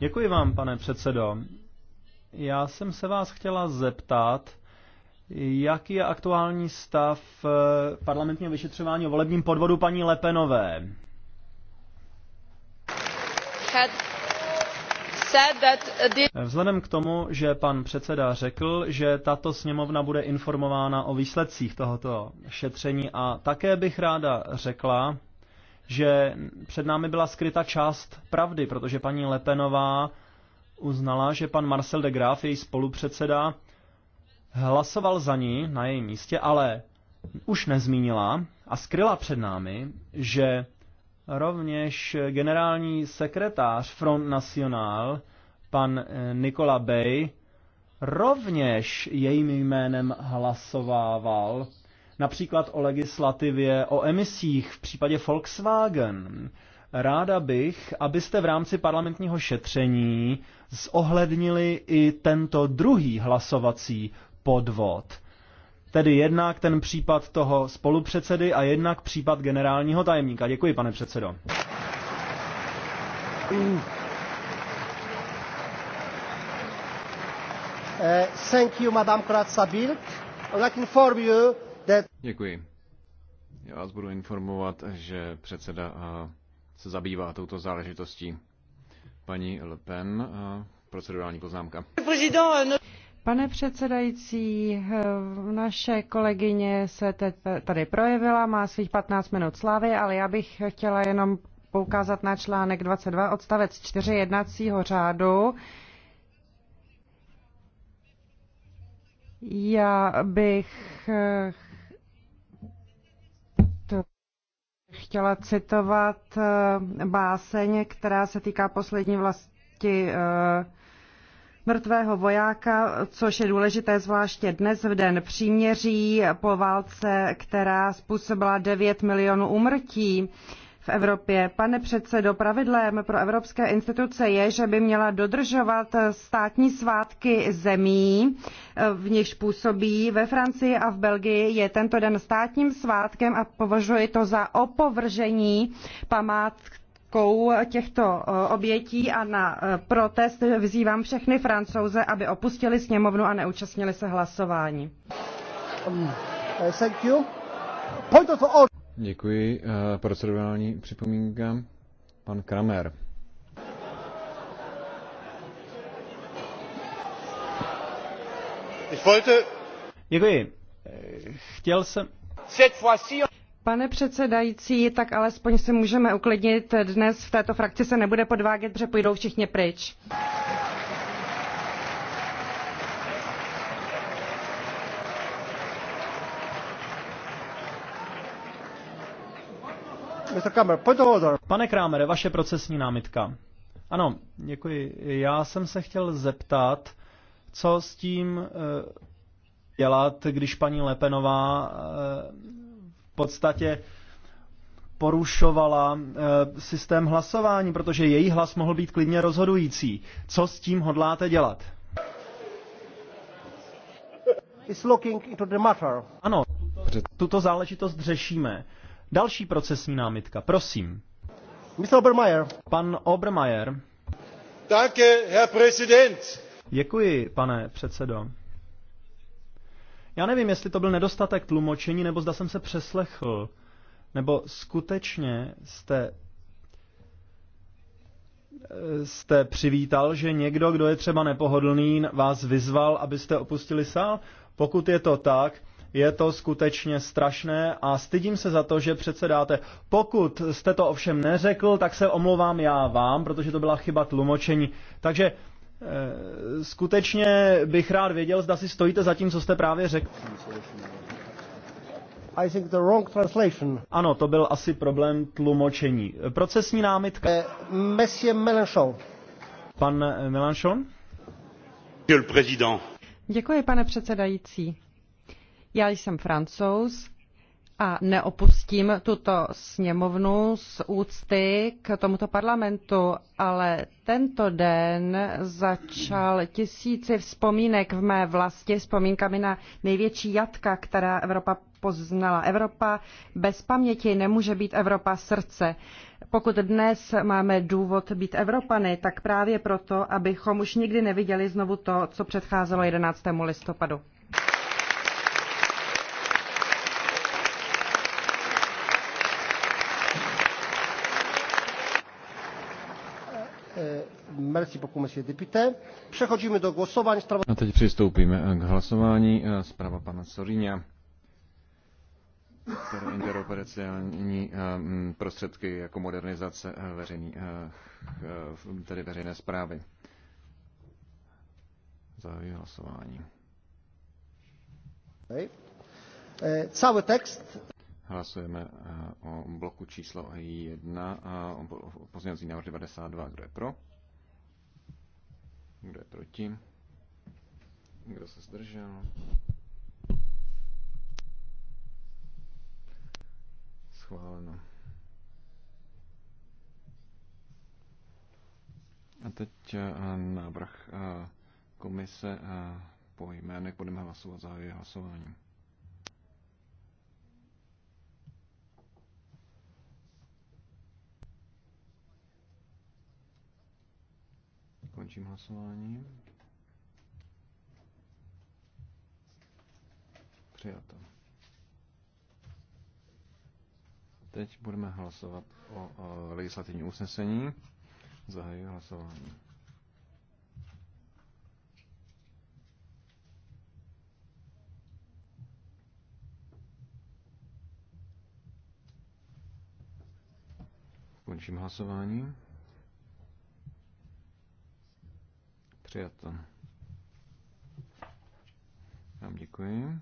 Děkuji vám, pane předsedo. Já jsem se vás chtěla zeptat, jaký je aktuální stav eh, parlamentního vyšetřování o volebním podvodu paní Lepenové. Eh, vzhledem k tomu, že pan předseda řekl, že tato sněmovna bude informována o výsledcích tohoto šetření a také bych ráda řekla, že před námi byla skryta část pravdy, protože paní Lepenová uznala, že pan Marcel de Graaf, její spolupředseda, hlasoval za ní na jejím místě, ale už nezmínila a skryla před námi, že rovněž generální sekretář Front National, pan eh, Nikola Bay, rovněž jejím jménem hlasovával například o legislativě o emisích v případě Volkswagen. Ráda bych, abyste v rámci parlamentního šetření zohlednili i tento druhý hlasovací podvod. Tedy jednak ten případ toho spolupředsedy a jednak případ generálního tajemníka. Děkuji, pane předsedo. Uh, thank you, Madame Kratzabil. I'd like to inform you Děkuji. Já vás budu informovat, že předseda eh, se zabývá touto záležitostí. Paní Le Pen, eh, procedurální poznámka. Pane předsedající, eh, naše kolegyně se tady projevila, má svých 15 minut slávy, ale já bych chtěla jenom poukázat na článek 22 odstavec 4 jednacího řádu. Já bych chtěla citovat eh, báseň, která se týká poslední vlasti eh, mrtvého vojáka, což je důležité zvláště dnes v den příměří po válce, která způsobila 9 milionů umrtí v Evropě. Pane předsedo, pravidlem pro evropské instituce je, že by měla dodržovat státní svátky zemí, v nichž působí. Ve Francii a v Belgii je tento den státním svátkem a považuji to za opovržení památkou těchto eh, obětí a na eh, protest vyzývám všechny francouze, aby opustili sněmovnu a neúčastnili se hlasování. Um, eh, thank you. Point of order. Děkuji. Eh, procedurální připomínka. Pan Kramer. Děkuji. Eh, chtěl jsem... Pane předsedající, tak alespoň si můžeme uklidnit. Dnes v této frakci se nebude podvádět, protože půjdou všichni pryč. Pane Krámere, vaše procesní námitka. Ano, děkuji. Já jsem se chtěl zeptat, co s tím eh, dělat, když paní Lepenová eh, v podstatě porušovala eh, systém hlasování, protože její hlas mohl být klidně rozhodující. Co s tím hodláte dělat? Ano, tuto záležitost řešíme. Další procesní námitka, prosím. Mr. Obermeier. Pan Obermeier. Danke, Herr Präsident. Děkuji, pane předsedo. Já nevím, jestli to byl nedostatek tlumočení, nebo zda jsem se přeslechl, nebo skutečně jste jste přivítal, že někdo, kdo je třeba nepohodlný, vás vyzval, abyste opustili sál? Pokud je to tak, je to skutečně strašné a stydím se za to, že předsedáte. Pokud jste to ovšem neřekl, tak se omlouvám já vám, protože to byla chyba tlumočení. Takže e, skutečně bych rád věděl, zda si stojíte za tím, co jste právě řekl. I think the wrong translation. Ano, to byl asi problém tlumočení. Procesní námitka. Uh, Monsieur Mélenchon. Pan eh, Mélenchon? Děkuji, pane předsedající já jsem francouz a neopustím tuto sněmovnu z úcty k tomuto parlamentu, ale tento den začal tisíci vzpomínek v mé vlasti, vzpomínkami na největší jatka, která Evropa poznala. Evropa bez paměti nemůže být Evropa srdce. Pokud dnes máme důvod být Evropany, tak právě proto, abychom už nikdy neviděli znovu to, co předcházelo 11. listopadu. Přechodíme do A teď přistoupíme eh, k hlasování. Eh, zpráva pana Sorinia. Interoperaciální eh, prostředky jako modernizace veřejný, tedy veřejné zprávy. Zahajuji hlasování. Okay. Cały text. Hlasujeme o bloku číslo 1 a pozměňovací návrh 92. Kdo je pro? Kdo je proti? Kdo se zdržel? Schváleno. A teď eh, návrh eh, komise eh, po jménech budeme hlasovat za hlasování. Končím hlasování. Přijato. Teď budeme hlasovat o, o legislativní usnesení. Zahajuji hlasování. Končím hlasování. Přijato. Vám děkuji.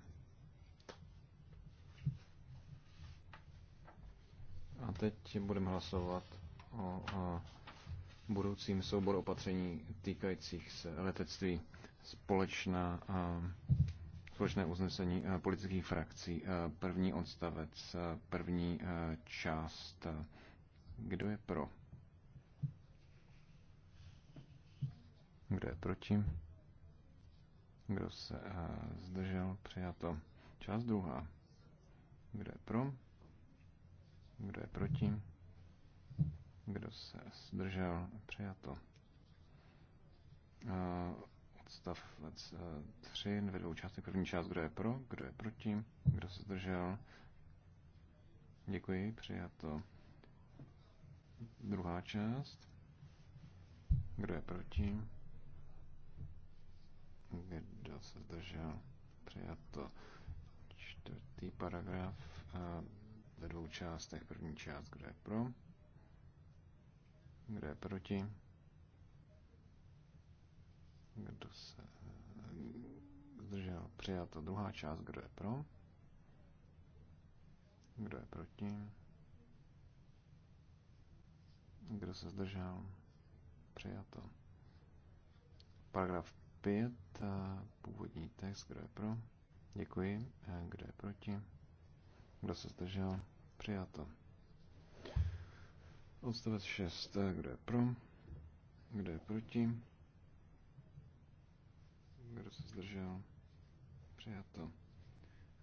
A teď budeme hlasovat o, o budoucím souboru opatření týkajících se letectví. Společná, a, společné uznesení a, politických frakcí. A, první odstavec, a, první a, část. A, kdo je pro? Kdo je proti? Kdo se uh, zdržel? Přijato. Část druhá. Kdo je pro? Kdo je proti? Kdo se zdržel? Přijato. Eh, odstav odstavec 3 ve dvou části První část, kdo je pro, kdo je proti, kdo se zdržel. Děkuji, přijato. Druhá část. Kdo je proti? Kdo se zdržel? Přijato. Čtvrtý paragraf a eh, ve dvou částech. První část, kdo je pro? Kdo je proti? Kdo se eh, zdržel? Přijato. Druhá část, kdo je pro? Kdo je proti? Kdo se zdržel? Přijato. Paragraf opět eh, původní text, kdo je pro, děkuji, eh, kdo je proti, kdo se zdržel, přijato. Odstavec 6, eh, kdo je pro, kdo je proti, kdo se zdržel, přijato.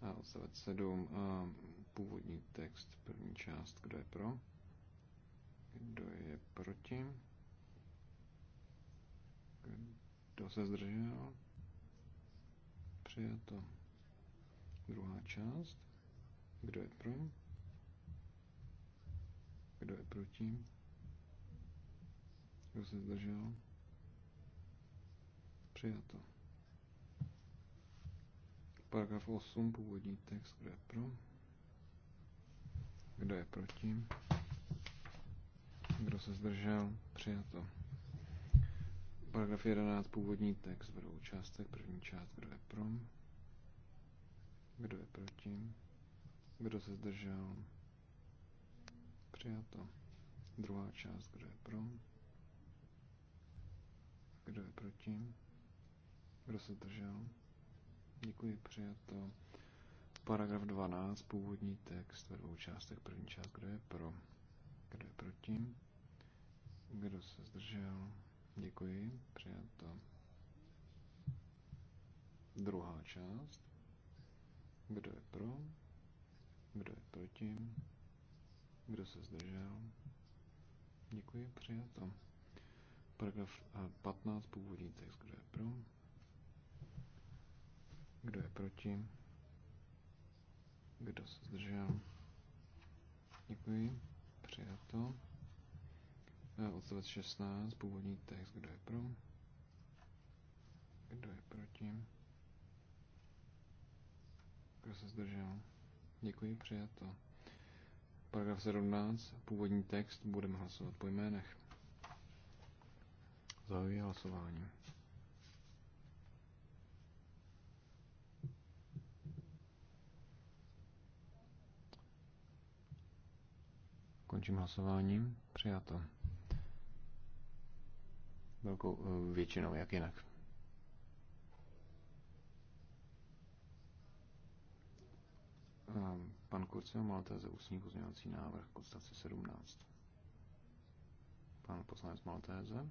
A odstavec 7, a původní text, první část, kdo je pro, kdo je proti, kdo se zdržel? Přijato. Druhá část. Kdo je pro? Kdo je proti? Kdo se zdržel? Přijato. Paragraf 8, původní text, kdo je pro? Kdo je proti? Kdo se zdržel? Přijato paragraf 11, původní text v dvou částech. První část, kdo je pro? Kdo je proti? Kdo se zdržel? Přijato. Druhá část, kdo je pro? Kdo je proti? Kdo se zdržel? Děkuji, přijato. Paragraf 12, původní text ve dvou částech. První část, kdo je pro? Kdo je proti? Kdo se zdržel? Děkuji, přijato. Druhá část. Kdo je pro? Kdo je proti? Kdo se zdržel? Děkuji, přijato. Paragraf 15, eh, původní text. Kdo je pro? Kdo je proti? Kdo se zdržel? Děkuji, přijato. Eh, odstavec 16, původní text, kdo je pro? Kdo je proti? Kdo se zdržel? Děkuji, přijato. Paragraf 17, původní text, budeme hlasovat po jménech. Zahajuji hlasování. Končím hlasování. Přijato velkou eh, většinou, jak jinak. Ehm, pan Kurcel Malta za ústní pozměňovací návrh k odstavci 17. Pan poslanec Maltese.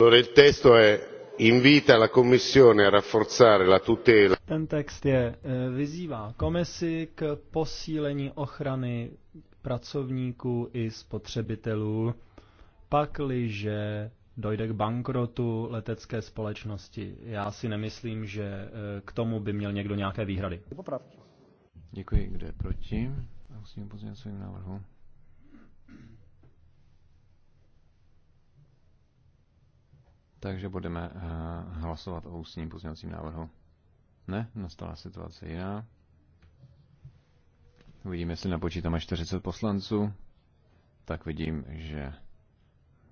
Il Ten text je eh, vyzývá komisi k posílení ochrany pracovníků i spotřebitelů, pakliže dojde k bankrotu letecké společnosti. Já si nemyslím, že eh, k tomu by měl někdo nějaké výhrady. Popravky. Děkuji. Kdo je proti? Musím pozměnit svým návrhu. Takže budeme eh, hlasovat o ústním pozměňovacím návrhu. Ne, nastala situace jiná. Uvidíme, jestli napočítáme 40 poslanců. Tak vidím, že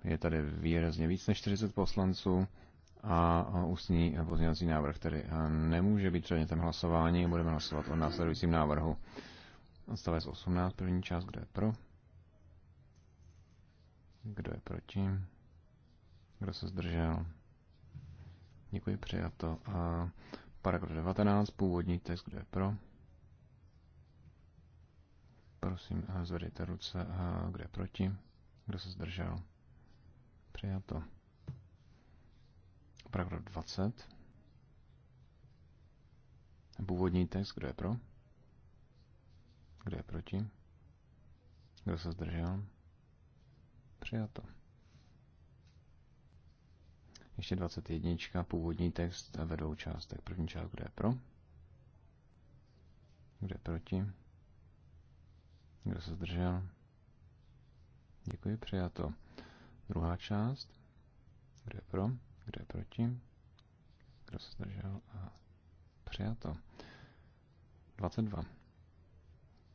je tady výrazně víc než 40 poslanců a ústní pozměňovací návrh tedy nemůže být předmětem hlasování. Budeme hlasovat o následujícím návrhu. Odstavec 18, první část, kdo je pro? Kdo je proti? Kdo se zdržel? Děkuji, přijato. A paragraf 19, původní text, kdo je pro? Prosím, zvedejte ruce, kdo je proti? Kdo se zdržel? Přijato. Paragraf 20. Původní text, kdo je pro? Kdo je proti? Kdo se zdržel? Přijato. Ještě 21. Původní text ve dvou částech. První část, kdo je pro? Kdo je proti? Kdo se zdržel? Děkuji, přijato. Druhá část. Kdo je pro? Kdo je proti? Kdo se zdržel? A přijato. 22.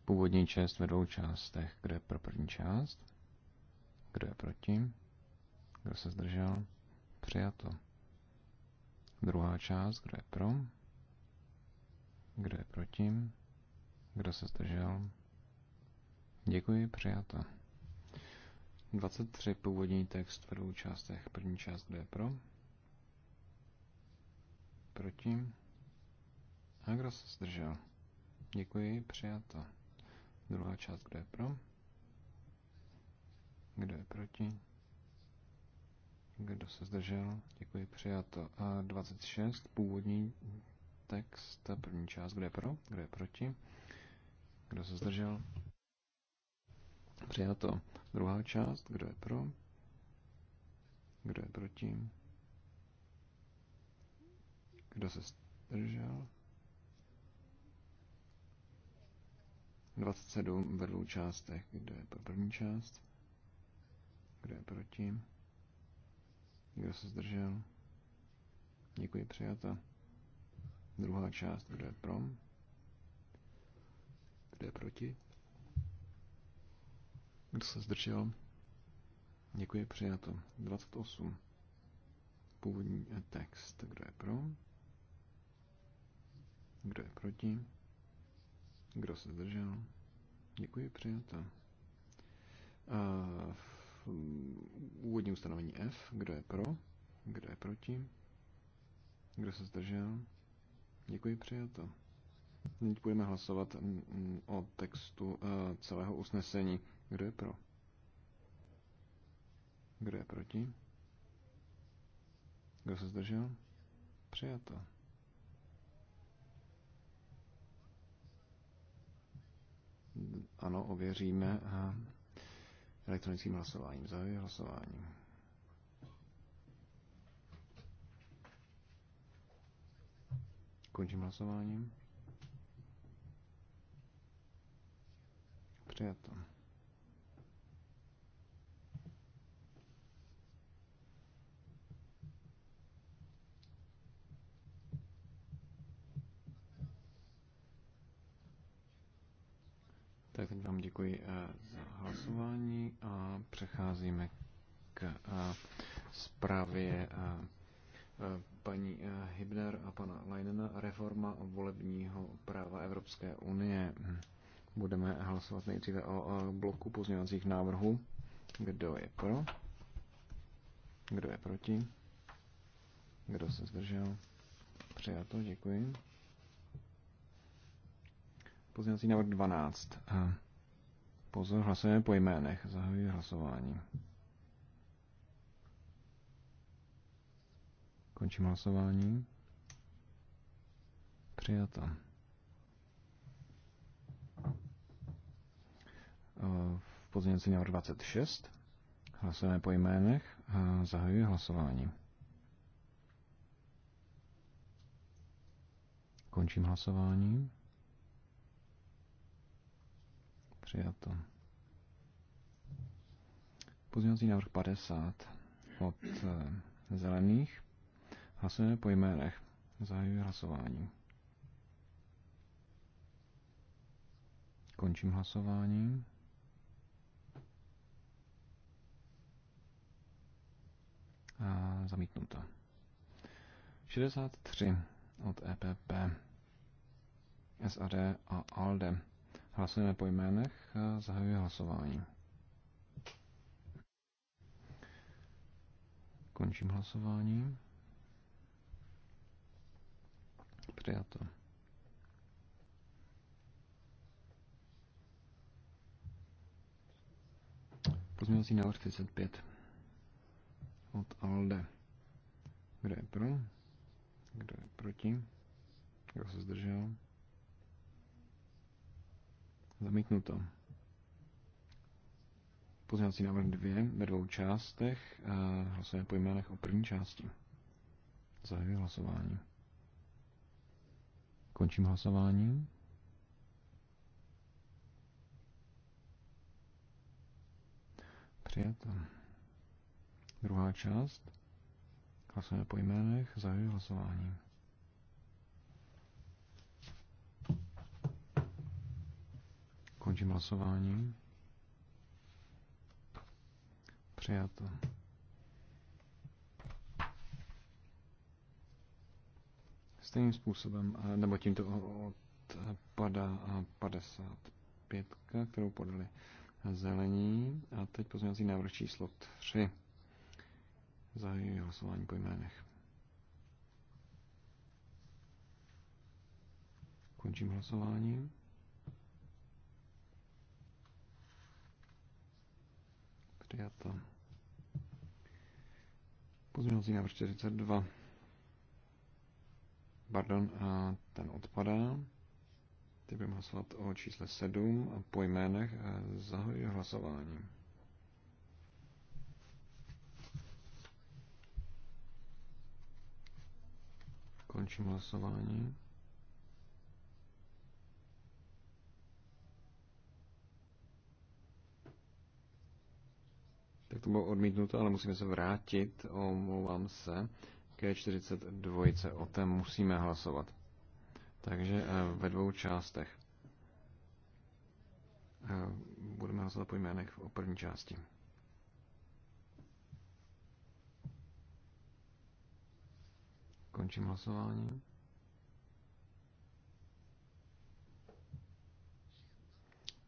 Původní část ve dvou částech. Kdo je pro první část? Kdo je proti? Kdo se zdržel? Přijato. Druhá část. Kdo je pro? Kdo je proti? Kdo se zdržel? Děkuji, přijato. 23 původní text v dvou částech. První část, kdo je pro? Proti? A kdo se zdržel? Děkuji, přijato. Druhá část, kdo je pro? Kdo je proti? Kdo se zdržel? Děkuji, přijato. A 26, původní text, první část, kdo je pro? Kdo je proti? Kdo se zdržel? Přijato. Druhá část, kdo je pro? Kdo je proti? Kdo se zdržel? 27 ve dvou částech. Kdo je pro první část? Kdo je proti? Kdo se zdržel? Děkuji, přijata. Druhá část, kdo je pro? Kdo je proti? Kdo se zdržel? Děkuji, přijato. 28. Původní text. Kdo je pro? Kdo je proti? Kdo se zdržel? Děkuji, přijato. A úvodní ustanovení F. Kdo je pro? Kdo je proti? Kdo se zdržel? Děkuji, přijato. Nyní budeme hlasovat o textu eh, celého usnesení. Kdo je pro? Kdo je proti? Kdo se zdržel? Přijato. Ano, ověříme a eh, elektronickým hlasováním. Zahajuji hlasování. Končím hlasováním. přijato. Tak teď vám děkuji eh, za hlasování a přecházíme k eh, zprávě eh, paní Hibner a pana Leinena reforma volebního práva Evropské unie. Budeme hlasovat nejdříve o bloku pozměňovacích návrhů. Kdo je pro? Kdo je proti? Kdo se zdržel? Přijato, děkuji. Pozměňovací návrh 12. Pozor, hlasujeme po jménech. Zahajuji hlasování. Končím hlasování. Přijato. v pozměňovací návrh 26. Hlasujeme po jménech a zahajuji hlasování. Končím hlasování. Přijato. Pozměňovací návrh 50 od e, zelených. Hlasujeme po jménech. Zahajuji hlasování. Končím hlasování. A zamítnuto. 63 od EPP, SAD a ALDE. Hlasujeme po jménech, zahajuje hlasování. Končím hlasování. Přijato. Pozměňovací návrh 35 od Alde. Kdo je pro? Kdo je proti? Kdo se zdržel? Zamítnuto. Pozměňovací návrh 2 ve dvou částech. Hlasujeme po jménech o první části. Zahajuji hlasování. Končím hlasování. Přijatelé. Druhá část. Hlasujeme po jménech, zahajuji hlasování. Končím hlasování. Přijato. Stejným způsobem, eh, nebo tímto odpadá 55, kterou podali zelení. A teď pozměňovací návrh číslo 3. Zahajuji hlasování po jménech. Končím hlasování. Přijato. Pozměňovací návrh 42. Pardon, a ten odpadá. Teď budeme hlasovat o čísle 7 a po jménech zahajuji hlasování. Končím hlasování. Tak to bylo odmítnuto, ale musíme se vrátit, omlouvám se. K42, o té musíme hlasovat. Takže eh, ve dvou částech. Eh, budeme hlasovat po jménech o první části. Končím hlasování.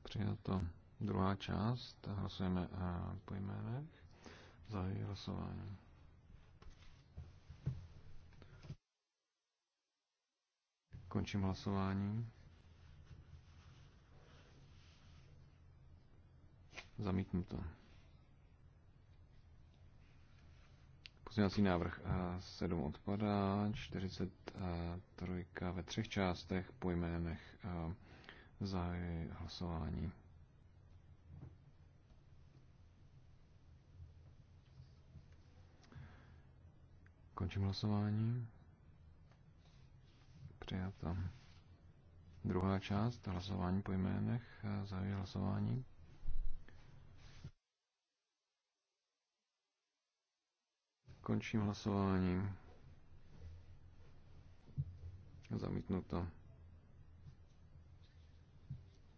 Přijato druhá část. Hlasujeme eh, po jménech. Zahajuji hlasování. Končím hlasování. Zamítnuto. Pozměňovací návrh 7 eh, odpadá, 43 eh, ve třech částech po jménech eh, zahajuji hlasování. Končím hlasování. Přijata. Druhá část hlasování po jménech zahajuji hlasování. Končím hlasování. Zamítnuto.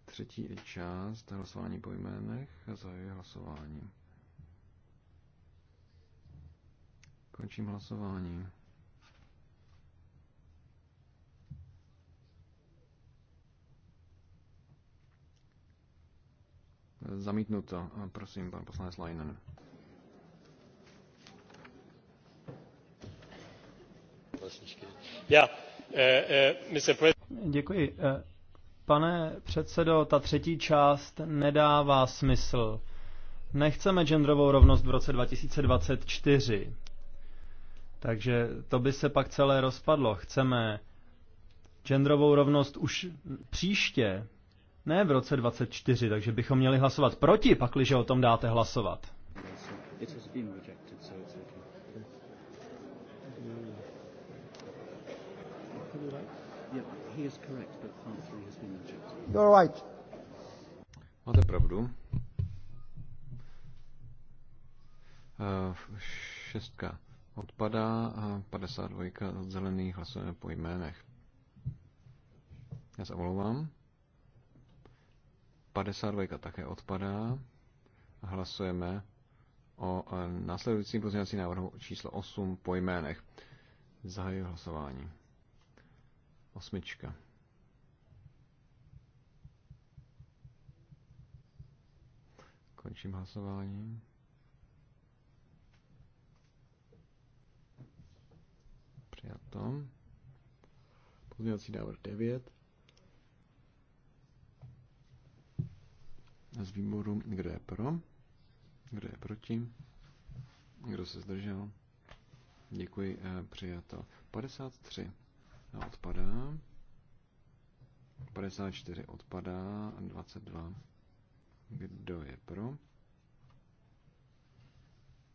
Třetí část hlasování po jménech. Zahajuji hlasování. Končím hlasování. Zamítnuto. Prosím, pan poslanec Leinen. Eh, eh, Děkuji. Eh, pane předsedo, ta třetí část nedává smysl. Nechceme genderovou rovnost v roce 2024. Takže to by se pak celé rozpadlo. Chceme genderovou rovnost už příště, ne v roce 2024. takže bychom měli hlasovat proti, pakliže o tom dáte hlasovat. he is correct that part three has been rejected. You're right. Máte pravdu. Uh, šestka odpadá a 52 od zelených hlasujeme po jménech. Já se omlouvám. 52 také odpadá. Hlasujeme o eh, následujícím pozměňovacím návrhu číslo 8 po jménech. Zahajuji hlasování. Osmička. Končím hlasování. Přijato. Pozměňovací návrh 9. Z výboru, kdo je pro, kdo je proti, kdo se zdržel. Děkuji, eh, přijato. 53 odpadá. 54 odpadá. 22. Kdo je pro?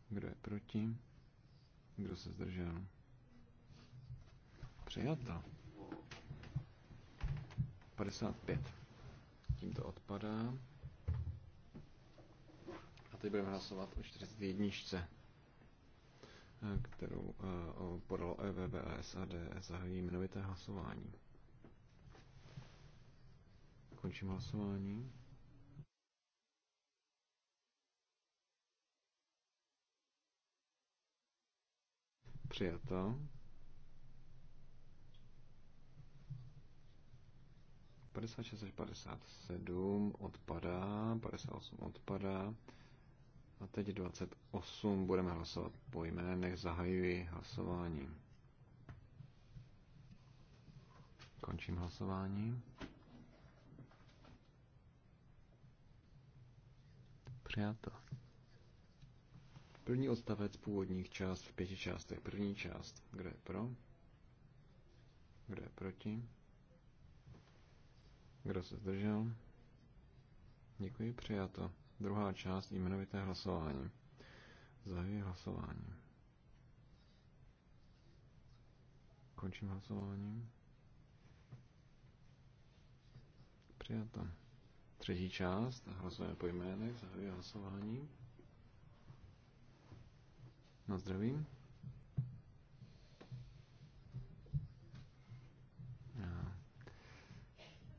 Kdo je proti? Kdo se zdržel? Přijato. 55. to odpadá. A teď budeme hlasovat o 41 kterou eh, podalo EVB a SAD, zahají jmenovité hlasování. Končím hlasování. Padesát 56 až 57 odpadá, 58 odpadá. A teď 28 budeme hlasovat po jménech. Zahajuji hlasování. Končím hlasování. Přijato. První odstavec původních část v pěti částech. První část. Kdo je pro? Kdo je proti? Kdo se zdržel? Děkuji, přijato. Druhá část jmenovité hlasování. Zahajuji hlasování. Končím hlasování. Přijata. Třetí část. Hlasujeme po jménech. Zahajuji hlasování. Na zdraví.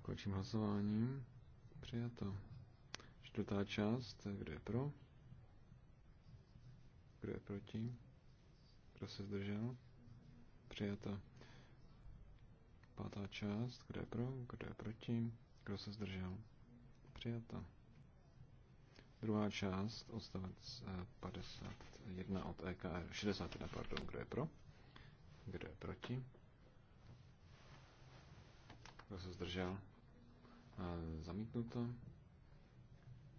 Končím hlasování. Přijato. Čtvrtá část, kdo je pro? Kdo je proti? Kdo se zdržel? Přijata. Pátá část, kdo je pro? Kdo je proti? Kdo se zdržel? Přijata. Druhá část, odstavec 51 eh, od EKR, 61, pardon, kdo je pro? Kdo je proti? Kdo se zdržel? Eh, zamítnuto.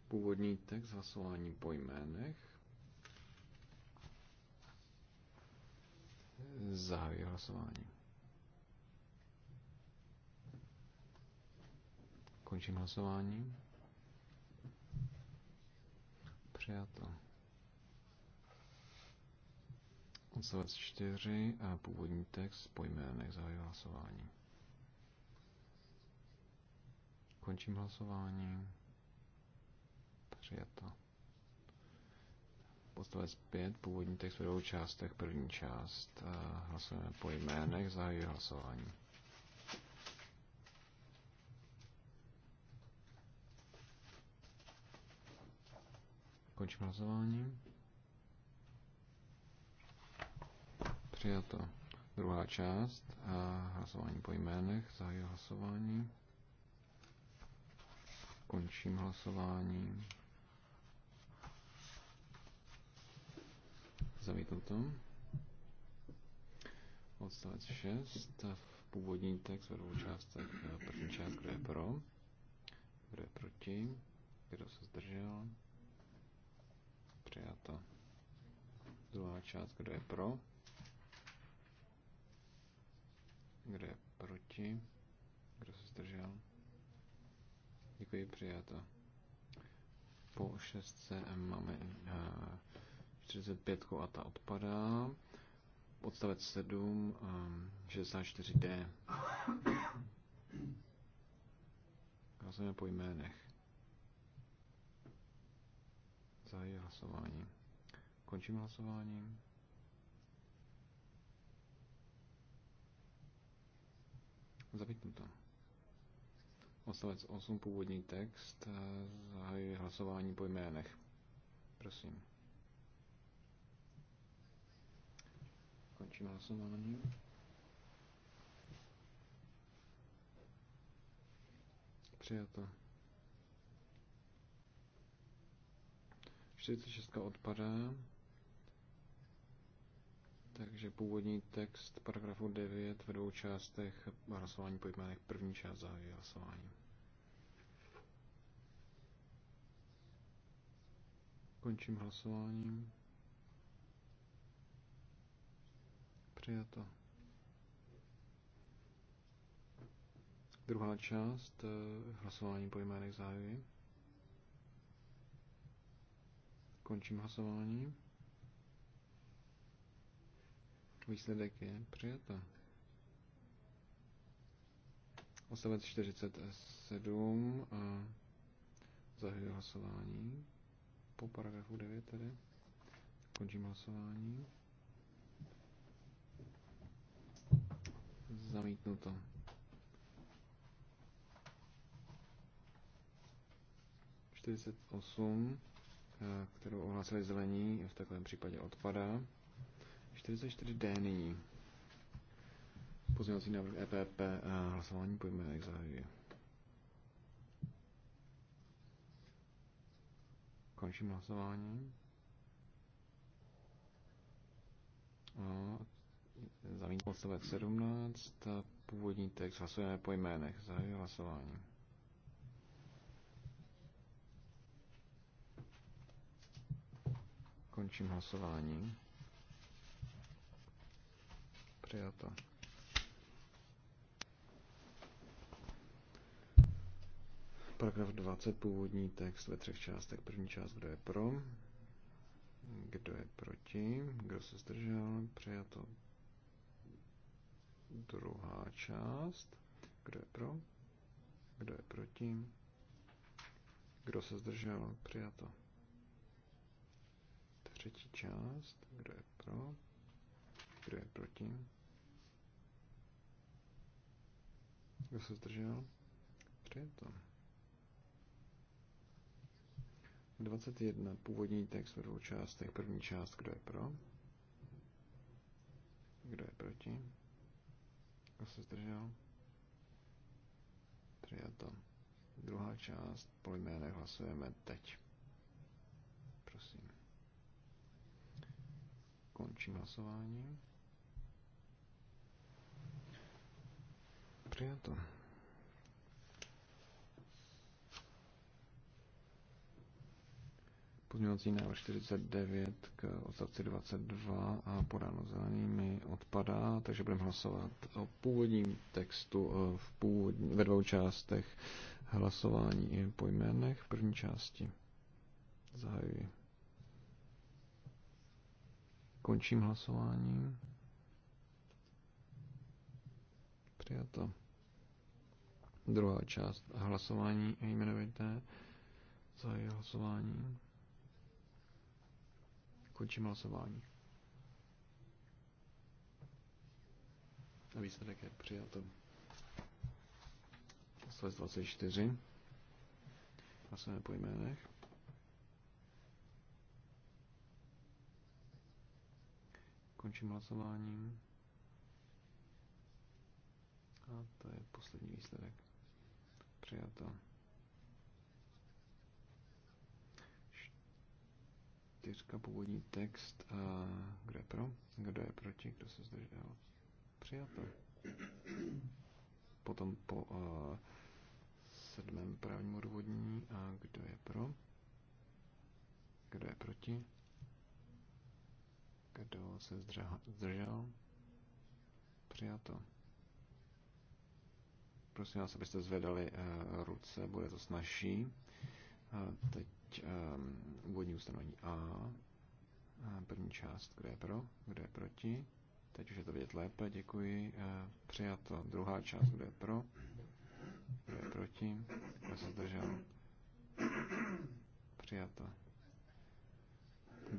Původní text hlasování po jménech. Zahajuji hlasování. Končím hlasování. Přijato. Odstavec 4 a původní text po jménech zahajuji hlasování. Končím hlasování. Přijato. Podstavec 5, původní text ve dvou částech, první část. Eh, hlasujeme po jménech, zahajuji hlasování. Končím hlasování. Přijato. Druhá část a eh, hlasování po jménech. Zahajuji hlasování. Končím hlasování. to Odstavec 6, původní text ve dvou částech, první část, kdo je pro, kdo je proti, kdo se zdržel, přijato. Druhá část, kdo je pro, kdo je proti, kdo se zdržel. Děkuji, přijato. Po 6 eh, máme uh, 35 a ta odpadá. Odstavec 7 64D. Um, Hlasujeme po jménech. Zahají hlasování. Končím hlasování. to. Odstavec 8, původní text, Zahají hlasování po jménech. Prosím. Končím hlasování. Přijato. 46 odpadá. Takže původní text paragrafu 9 ve dvou částech hlasování po jménech. První část zahajuje hlasování. Končím hlasováním. Přijato. Druhá část eh, hlasování po jménech zahajuji. Končím hlasování. Výsledek je přijata. Ostavec 47 a eh, zahajuji hlasování po paragrafu 9 tedy. Končím hlasování. Zamítnuto. to. osm, eh, kterou ohlásili zelení, v takovém případě odpadá. 44D nyní. Pozměnací návrh EPP a eh, hlasování pojme jak zahajuje. Končím hlasování. A Zamítnout odstavec 17, a původní text, hlasujeme po jménech, zahajuji hlasování. Končím hlasování. Přijato. Paragraf 20, původní text ve třech částech. První část, kdo je pro, kdo je proti, kdo se zdržel, přijato. Druhá část. Kdo je pro? Kdo je proti? Kdo se zdržel? Přijato. Třetí část. Kdo je pro? Kdo je proti? Kdo se zdržel? Přijato. 21. Původní text ve dvou částech. První část, kdo je pro? Kdo je proti? Kdo se zdržel? Přijato. Druhá část. Po jménech hlasujeme teď. Prosím. Končím hlasování. Přijato. Pozměňovací návrh 49 k odstavci 22 a podáno zelenými odpadá, takže budeme hlasovat o původním textu eh, v původní, ve dvou částech hlasování i po jménech. První části zahajuji. Končím hlasování. Přijato. Druhá část hlasování jmenovité. Zahajuji hlasování. Končím hlasování. A výsledek je přijato. Hlasovat 24. Hlasujeme po jménech. Končím hlasování. A to je poslední výsledek. Přijato. čtyřka, původní text. A kdo je pro? Kdo je proti? Kdo se zdržel? Přijato. Potom po a, sedmém právním odvodnění. A kdo je pro? Kdo je proti? Kdo se zdržel? Přijato. Prosím vás, abyste zvedali uh, ruce, bude to snažší. Uh, teď Teď um, úvodní ustanovení A. a. První část, kde je pro, kde je proti. Teď už je to vidět lépe, děkuji. Eh, přijato. Druhá část, kde je pro, kdo je proti? Kdo se zdržel? Přijato.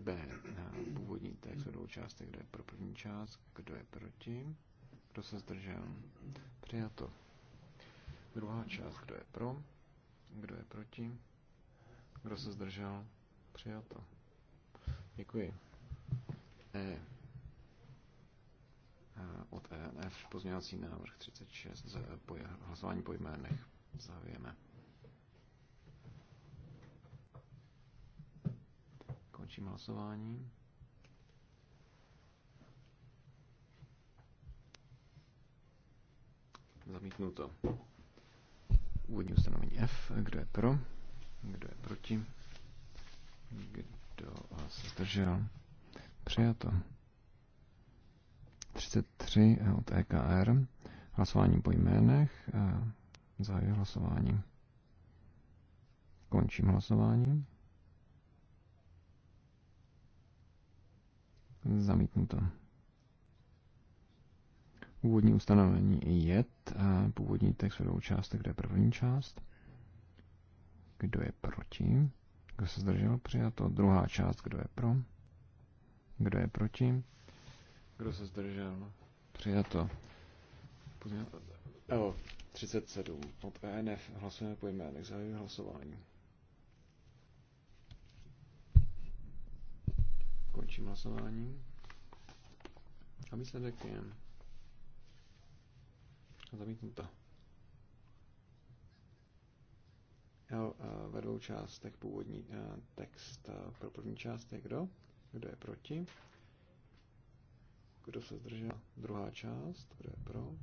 B. Na původní text ve dvou částech, kdo je pro první část, kdo je proti, kdo se zdržel. Přijato. Druhá část, kdo je pro, kdo je proti, kdo se zdržel? Přijato. Děkuji. E. e od ENF pozměňovací návrh 36. E, hlasování po jménech. Zahavěme. Končím hlasování. Zamítnuto. Úvodní ustanovení F. Kdo je pro? Kdo je proti? Kdo se zdržel? Přijato. 33 eh, od EKR. Hlasování po jménech. Eh, zahajuji hlasování. Končím hlasování. Zamítnuto. Původní ustanovení je eh, původní text vedou část, částech, kde je první část. Kdo je proti? Kdo se zdržel? Přijato. Druhá část. Kdo je pro? Kdo je proti? Kdo se zdržel? Přijato. Pozměňovací. 37 od ENF. Hlasujeme po jménech. Zahajuji hlasování. Končím hlasování. A výsledek je zamítnuto. jo, eh, ve dvou částech původní eh, text eh, pro první část je kdo, kdo je proti, kdo se zdržel, druhá část, kdo je pro,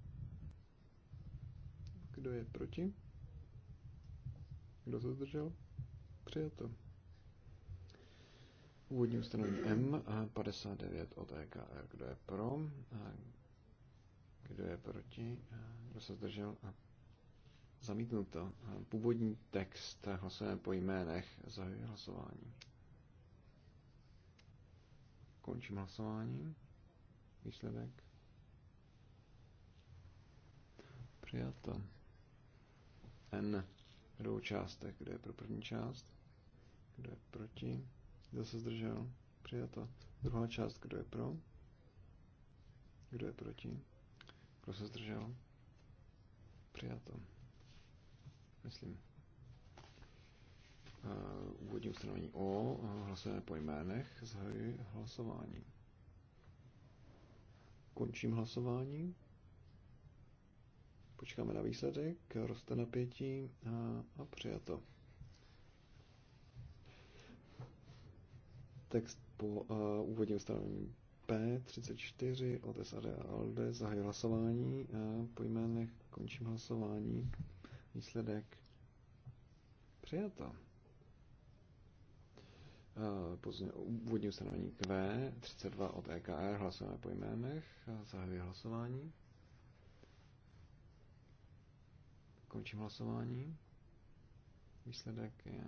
kdo je proti, kdo se zdržel, přijato. Úvodní ustanovení M 59 od EKR, kdo je pro, kdo je proti, kdo se zdržel a Zamítnuto. Původní text hlasujeme po jménech. za hlasování. Končím hlasování. Výsledek. Přijato. N. Druhou částek. Kdo je pro první část? Kdo je proti? Kdo se zdržel? Přijato. Druhá část. Kdo je pro? Kdo je proti? Kdo se zdržel? Přijato myslím. Eh, úvodní ustanovení O, eh, hlasujeme po jménech, zahajuji hlasování. Končím hlasování. Počkáme na výsledek, roste napětí a, eh, a přijato. Text po uh, úvodním ustanovení P34 od SAD a ALDE zahajuji hlasování a po jménech končím hlasování. Výsledek. Přijato. Úvodní ustanovení Q, 32 od EKR, hlasujeme po jménech, zahajuji hlasování. Končím hlasování. Výsledek je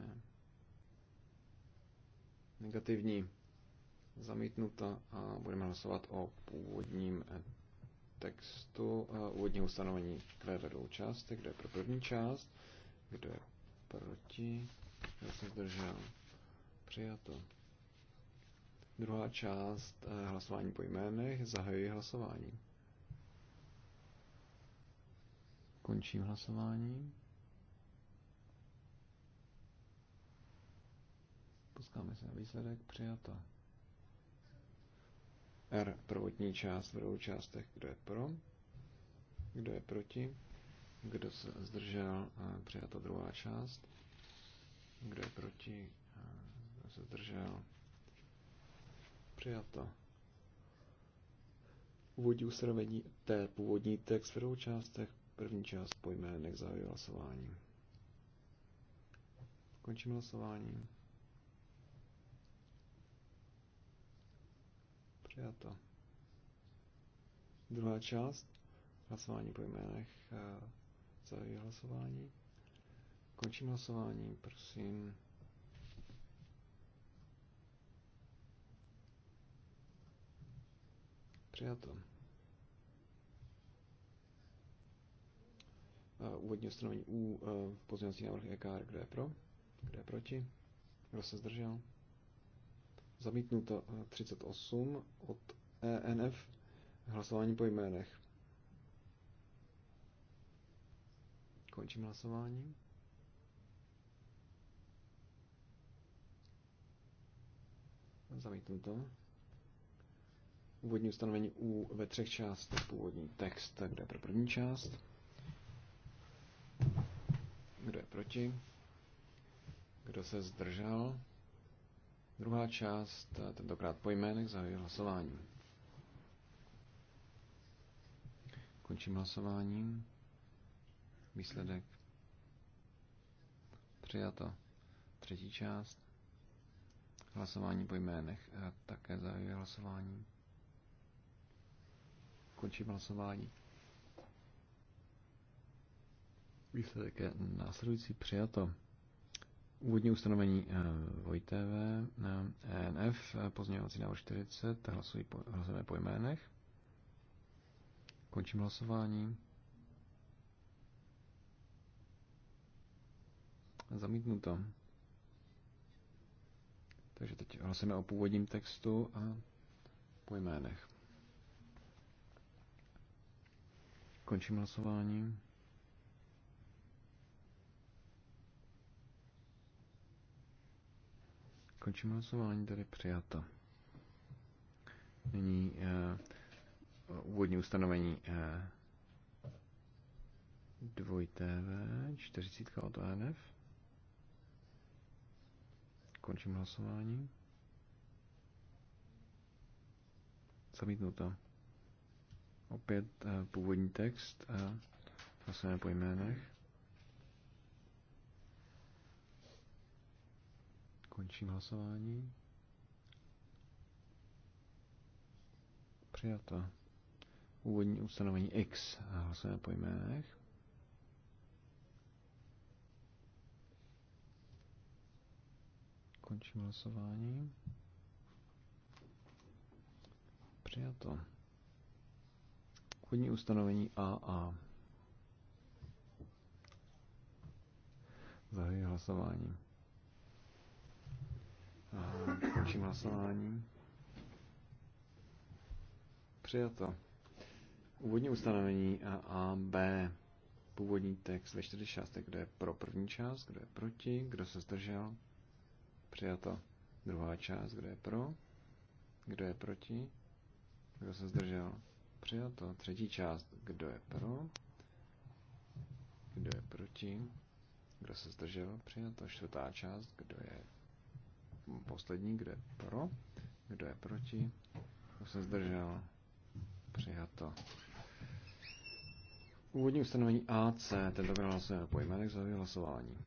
negativní zamítnuta a budeme hlasovat o původním textu úvodního ustanovení které vedou části, kde je pro první část, kdo je proti, kdo se zdržel, přijato. Druhá část eh, hlasování po jménech, zahajuji hlasování. Končím hlasování. Puskáme se na výsledek, přijato. R prvotní část v dvou částech, kdo je pro, kdo je proti, kdo se zdržel, přijata druhá část, kdo je proti, kdo se zdržel, přijato. Uvodí ustanovení T, původní text v dvou částech, první část pojmenek zahajuje hlasování. Končím hlasování. Přijato. Druhá část. Hlasování po jménech. Eh, zahajuji hlasování. Končím hlasování, prosím. Přijato. Eh, úvodní ustanovení U, eh, pozměňovací návrh EKR, kdo je pro, kdo je proti, kdo se zdržel. Zamítnuto 38 eh, od ENF. Hlasování po jménech. Končím hlasování. Zamítnuto. Úvodní ustanovení U ve třech částech. Původní text, kde pro první část. Kdo je proti? Kdo se zdržel? Druhá část, eh, tentokrát po jménech, zahajuje hlasování. Končím hlasování. Výsledek. Přijato. Třetí část. Hlasování po jménech. A eh, také zahajuje hlasování. Končím hlasování. Výsledek je následující přijato. Úvodní ustanovení eh, Vojteve, ENF, pozměňovací návrh 40, hlasují po, hlasujeme po jménech. Končím hlasování. Zamítnuto. Takže teď hlasujeme o původním textu a po jménech. Končím hlasování. Končím hlasování, tady přijata. Nyní uh, úvodní ustanovení uh, 2TV 40 od ANF. Končím hlasování. Zamítnuto. Opět uh, původní text. Uh, hlasujeme po jménech. Končím hlasování. Přijato. Úvodní ustanovení X. Hlasujeme po jménech. Končím hlasování. Přijato. Úvodní ustanovení AA. Zahajuji hlasování. Končím hlasování. Přijato. Úvodní ustanovení a, a B. Původní text ve čtyři částech, kdo je pro první část, kdo je proti, kdo se zdržel. Přijato. Druhá část, kdo je pro, kdo je proti, kdo se zdržel. Přijato. Třetí část, kdo je pro, kdo je proti, kdo se zdržel. Přijato. Čtvrtá část, kdo je poslední, kde je pro, kdo je proti, kdo se zdržel, přijato. Úvodní ustanovení AC, tentokrát hlasujeme po jménech, zahajuji hlasování.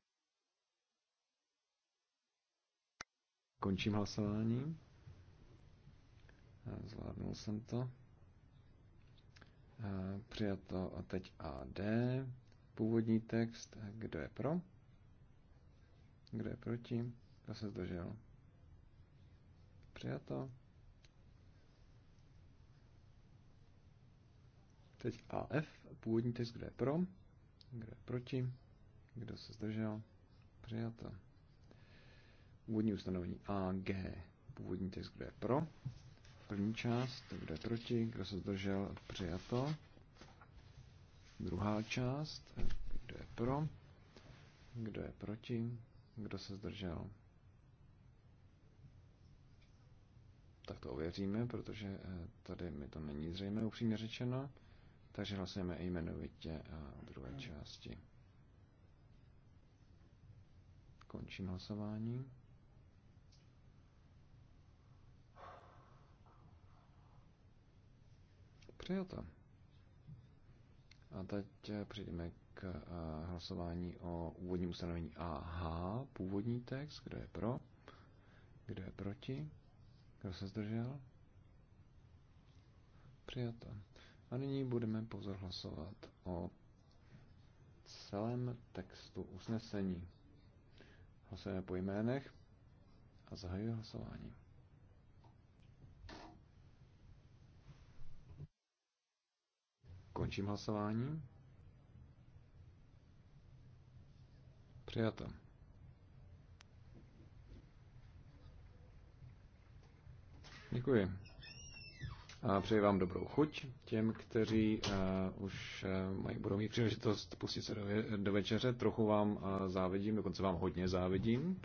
Končím hlasování. Eh, zvládnul jsem to. Eh, přijato a teď AD. Původní text. Kdo je pro? Kdo je proti? Kdo se zdržel? Přijato. Teď AF, původní text, kde je pro, kde je proti, kdo se zdržel, přijato. Původní ustanovení AG, původní text, kde je pro, první část, kdo je proti, kdo se zdržel, přijato. Druhá část, kdo je pro, kdo je proti, kdo se zdržel, tak to ověříme, protože eh, tady mi to není zřejmé, upřímně řečeno. Takže hlasujeme jmenovitě o eh, druhé části. Končím hlasování. Přijata. A teď eh, přijdeme k hlasování o úvodním ustanovení AH, původní text, kdo je pro, kdo je proti kdo se zdržel? Přijato. A nyní budeme pozor hlasovat o celém textu usnesení. Hlasujeme po jménech a zahajuji hlasování. Končím hlasování. Přijato. Děkuji. A přeji vám dobrou chuť těm, kteří uh, už uh, mají, budou mít příležitost pustit se do, do večeře. Trochu vám uh, závidím, dokonce vám hodně závidím.